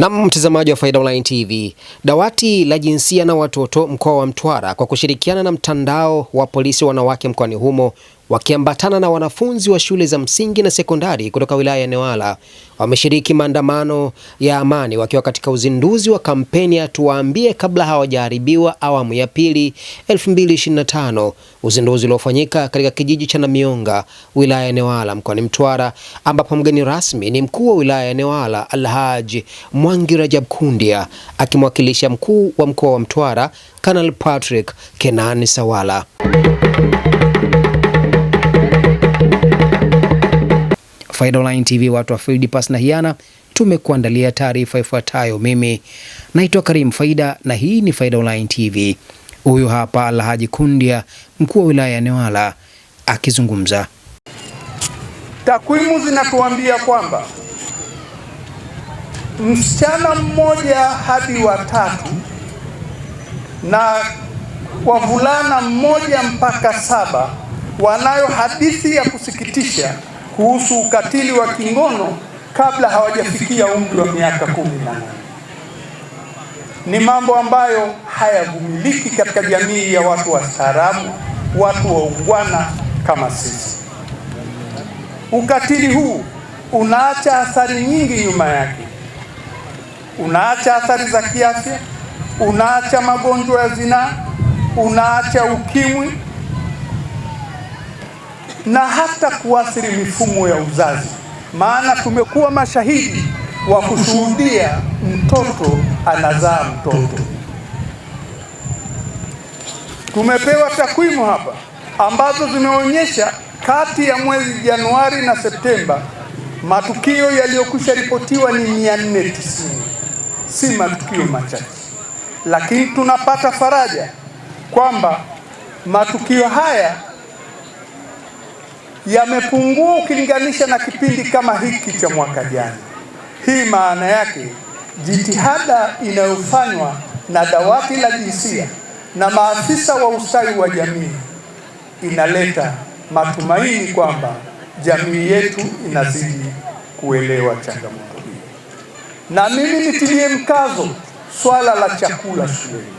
Na mtazamaji wa Faida Online TV, dawati la jinsia na watoto mkoa wa Mtwara kwa kushirikiana na mtandao wa polisi wanawake mkoani humo wakiambatana na wanafunzi wa shule za msingi na sekondari kutoka wilaya ya Newala wameshiriki maandamano ya amani wakiwa katika uzinduzi wa kampeni ya tuwaambie kabla hawajaharibiwa awamu ya pili 2025, uzinduzi uliofanyika katika kijiji cha Namionga wilaya ya Newala mkoani Mtwara, ambapo mgeni rasmi ni mkuu wa wilaya ya Newala Alhaji Mwangi Rajab Kundia akimwakilisha mkuu wa mkoa wa Mtwara Kanal Patrick Kenani Sawala. Faida Online TV, watu wa field pass na hiana, tumekuandalia taarifa ifuatayo. Mimi naitwa Karim Faida na hii ni Faida Online TV. Huyu hapa Alhaji Kundia, mkuu wa wilaya ya Newala akizungumza. Takwimu zinatuambia kwamba msichana mmoja hadi watatu na wavulana mmoja mpaka saba wanayo hadithi ya kusikitisha kuhusu ukatili wa kingono kabla hawajafikia umri wa miaka kumi na nane. Ni mambo ambayo hayavumiliki katika jamii ya watu wastaarabu, watu waungwana kama sisi. Ukatili huu unaacha athari nyingi nyuma yake, unaacha athari za kiafya, unaacha magonjwa ya zinaa, unaacha ukimwi na hata kuathiri mifumo ya uzazi, maana tumekuwa mashahidi wa kushuhudia mtoto anazaa mtoto. Tumepewa takwimu hapa ambazo zimeonyesha kati ya mwezi Januari na Septemba matukio yaliyokwisha ripotiwa ni 490 si matukio machache, lakini tunapata faraja kwamba matukio haya yamepungua ukilinganisha na kipindi kama hiki cha mwaka jana. Hii maana yake jitihada inayofanywa na dawati la jinsia na maafisa wa ustawi wa jamii inaleta matumaini kwamba jamii yetu inazidi kuelewa changamoto hii. Na mimi nitilie mkazo swala la chakula shuleni.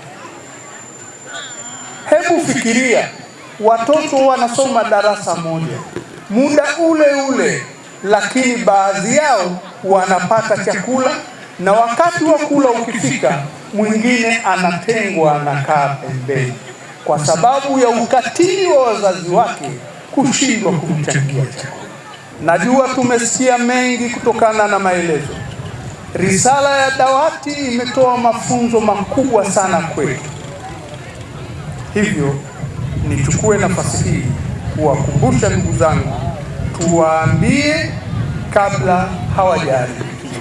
Hebu fikiria, watoto wanasoma darasa moja muda ule ule, lakini baadhi yao wanapata chakula na wakati wa kula ukifika, mwingine anatengwa na kaa pembeni kwa sababu ya ukatili wa wazazi wake kushindwa kumchangia chakula. Najua tumesikia mengi kutokana na maelezo. Risala ya dawati imetoa mafunzo makubwa sana kwetu, hivyo nichukue nafasi hii kuwakumbusha ndugu zangu, tuwaambie kabla hawajaharibikiwa.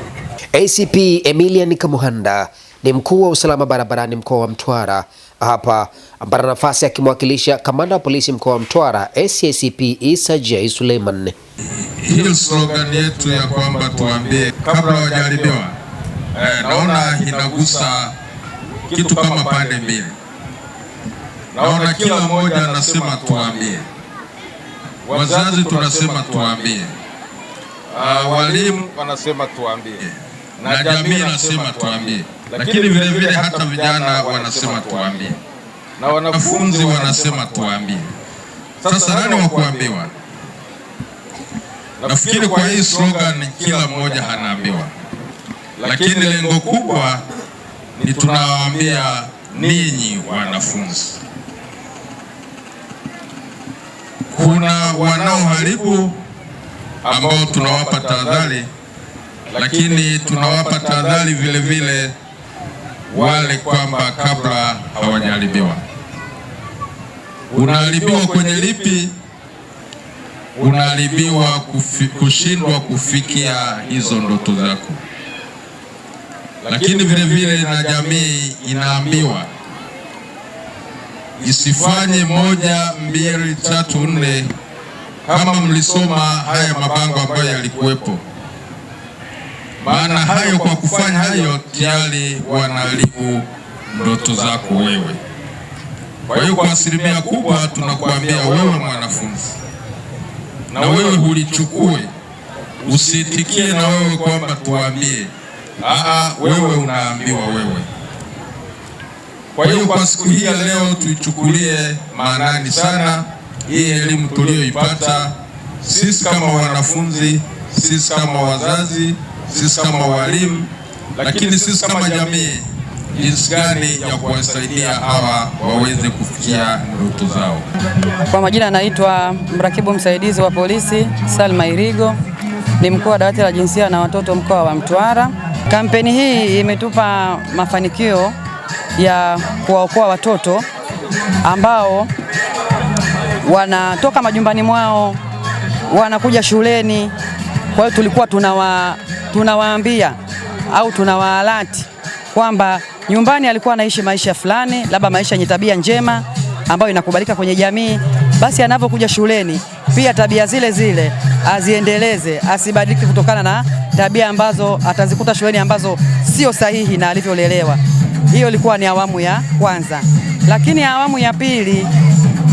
ACP Emilian Kamuhanda ni mkuu wa usalama barabarani mkoa wa Mtwara hapa ambapo nafasi akimwakilisha kamanda wa polisi mkoa wa Mtwara SACP Isa J Suleiman. Hiyo slogan yetu ya kwamba tuambie kabla hawajaribiwa, eh, naona inagusa kitu kama pande mbili, naona kila mmoja anasema tuambie Wazazi tunasema tuambie, ah, ah, walimu wanasema tuambie, na jamii nasema tuambie, lakini vile vile hata vijana wanasema tuambie, na wanafunzi wanasema tuambie. Sasa nani wa kuambiwa? Nafikiri kwa hii slogan kila mmoja anaambiwa, lakini lengo kubwa ni tunawaambia ninyi wanafunzi kuna wanaoharibu ambao tunawapa tahadhari, lakini tunawapa tahadhari vile vile wale kwamba kabla hawajaharibiwa. Unaharibiwa kwenye lipi? Unaharibiwa kufi, kushindwa kufikia hizo ndoto zako, lakini vile vile na jamii inaambiwa isifanye moja mbili tatu nne, kama mlisoma haya mabango ambayo yalikuwepo. Maana hayo, kwa kufanya hayo tayari wanaharibu ndoto zako wewe. Kwa hiyo kwa asilimia kubwa tunakuambia wewe mwanafunzi, na wewe hulichukue, usitikie na wewe kwamba tuambie, aa, wewe unaambiwa wewe kwa hiyo kwa siku hii ya leo tuichukulie maanani sana hii elimu tuliyoipata sisi kama wanafunzi, sisi kama wazazi, sisi kama walimu, lakini sisi kama jamii, jinsi gani ya kuwasaidia hawa waweze kufikia ndoto zao. Kwa majina anaitwa mrakibu msaidizi wa polisi Salma Irigo, ni mkuu wa dawati la jinsia na watoto mkoa wa Mtwara. Kampeni hii imetupa mafanikio ya kuwaokoa watoto ambao wanatoka majumbani mwao wanakuja shuleni. Kwa hiyo tulikuwa tunawa, tunawaambia au tunawaalati kwamba nyumbani alikuwa anaishi maisha fulani, labda maisha yenye tabia njema ambayo inakubalika kwenye jamii, basi anapokuja shuleni pia tabia zile zile aziendeleze, asibadilike kutokana na tabia ambazo atazikuta shuleni ambazo sio sahihi na alivyolelewa. Hiyo ilikuwa ni awamu ya kwanza, lakini awamu ya pili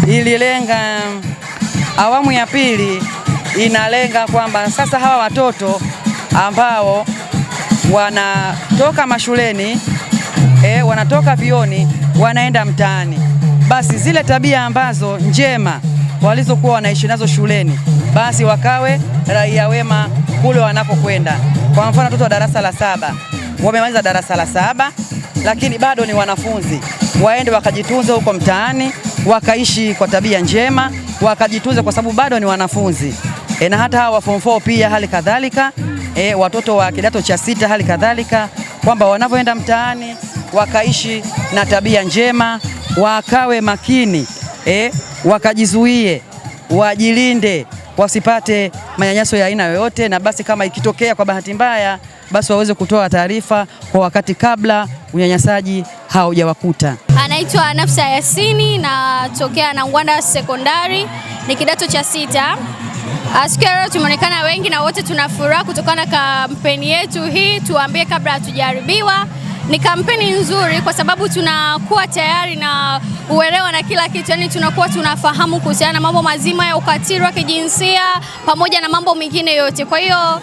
ililenga, awamu ya pili inalenga kwamba sasa hawa watoto ambao wanatoka mashuleni e, wanatoka vioni wanaenda mtaani, basi zile tabia ambazo njema walizokuwa wanaishi nazo shuleni, basi wakawe raia wema kule wanapokwenda. Kwa mfano, watoto wa darasa la saba wamemaliza darasa la saba lakini bado ni wanafunzi, waende wakajitunze huko mtaani, wakaishi kwa tabia njema, wakajitunze kwa sababu bado ni wanafunzi e, na hata hawa wa form 4 pia hali kadhalika e, watoto wa kidato cha sita hali kadhalika, kwamba wanavyoenda mtaani wakaishi na tabia njema, wakawe makini e, wakajizuie, wajilinde wasipate manyanyaso ya aina yoyote, na basi kama ikitokea kwa bahati mbaya basi waweze kutoa taarifa kwa wakati kabla unyanyasaji haujawakuta. Anaitwa Nafsa Yasini, natokea Nangwanda Sekondari, ni kidato cha sita. Ah, siku ya leo tumeonekana wengi na wote tuna furaha kutokana na kampeni yetu hii, tuambie kabla hatujaharibiwa. Ni kampeni nzuri kwa sababu tunakuwa tayari na uelewa na kila kitu, yani tunakuwa tunafahamu kuhusiana na mambo mazima ya ukatili wa kijinsia pamoja na mambo mengine yote, kwa hiyo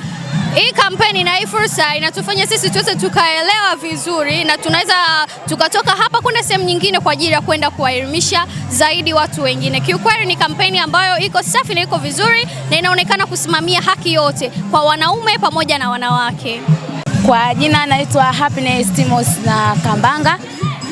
hii kampeni na hii fursa inatufanya sisi tuweze tukaelewa vizuri na tunaweza tukatoka hapa kwenda sehemu nyingine kwa ajili ya kwenda kuwaelimisha zaidi watu wengine. Kiukweli ni kampeni ambayo iko safi na iko vizuri na inaonekana kusimamia haki yote kwa wanaume pamoja na wanawake. Kwa jina naitwa Happiness Timos na Kambanga,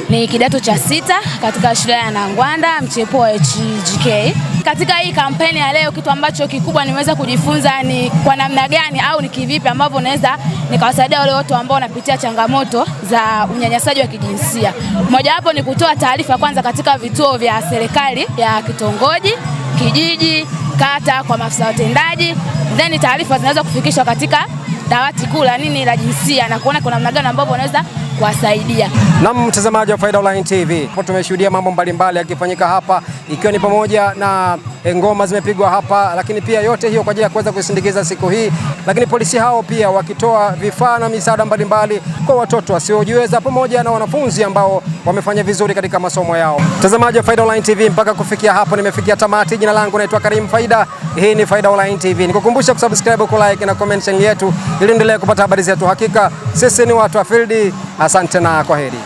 ni kidato cha sita katika shule ya Nangwanda mchepuo wa HGK. Katika hii kampeni ya leo, kitu ambacho kikubwa nimeweza kujifunza ni kwa namna gani au ni kivipi ambavyo naweza nikawasaidia wale watu ambao wanapitia changamoto za unyanyasaji wa kijinsia. Mojawapo ni kutoa taarifa kwanza katika vituo vya serikali ya kitongoji, kijiji, kata, kwa maafisa watendaji, then taarifa zinaweza kufikishwa katika dawati kuu la nini la jinsia na kuona kwa namna gani ambavyo wanaweza kuwasaidia. Na mtazamaji wa Faida Online TV, tumeshuhudia mambo mbalimbali yakifanyika hapa, ikiwa ni pamoja na E, ngoma zimepigwa hapa, lakini pia yote hiyo kwa ajili ya kuweza kusindikiza siku hii. Lakini polisi hao pia wakitoa vifaa na misaada mbalimbali kwa watoto wasiojiweza pamoja na wanafunzi ambao wamefanya vizuri katika masomo yao. Mtazamaji wa Faida Online TV, mpaka kufikia hapo nimefikia tamati. Jina langu naitwa Karim Faida, hii ni Faida Online TV. Nikukumbusha kusubscribe, ku like na comment channel yetu ili endelee kupata habari zetu. Hakika sisi ni watu wa field. Asante na kwaheri.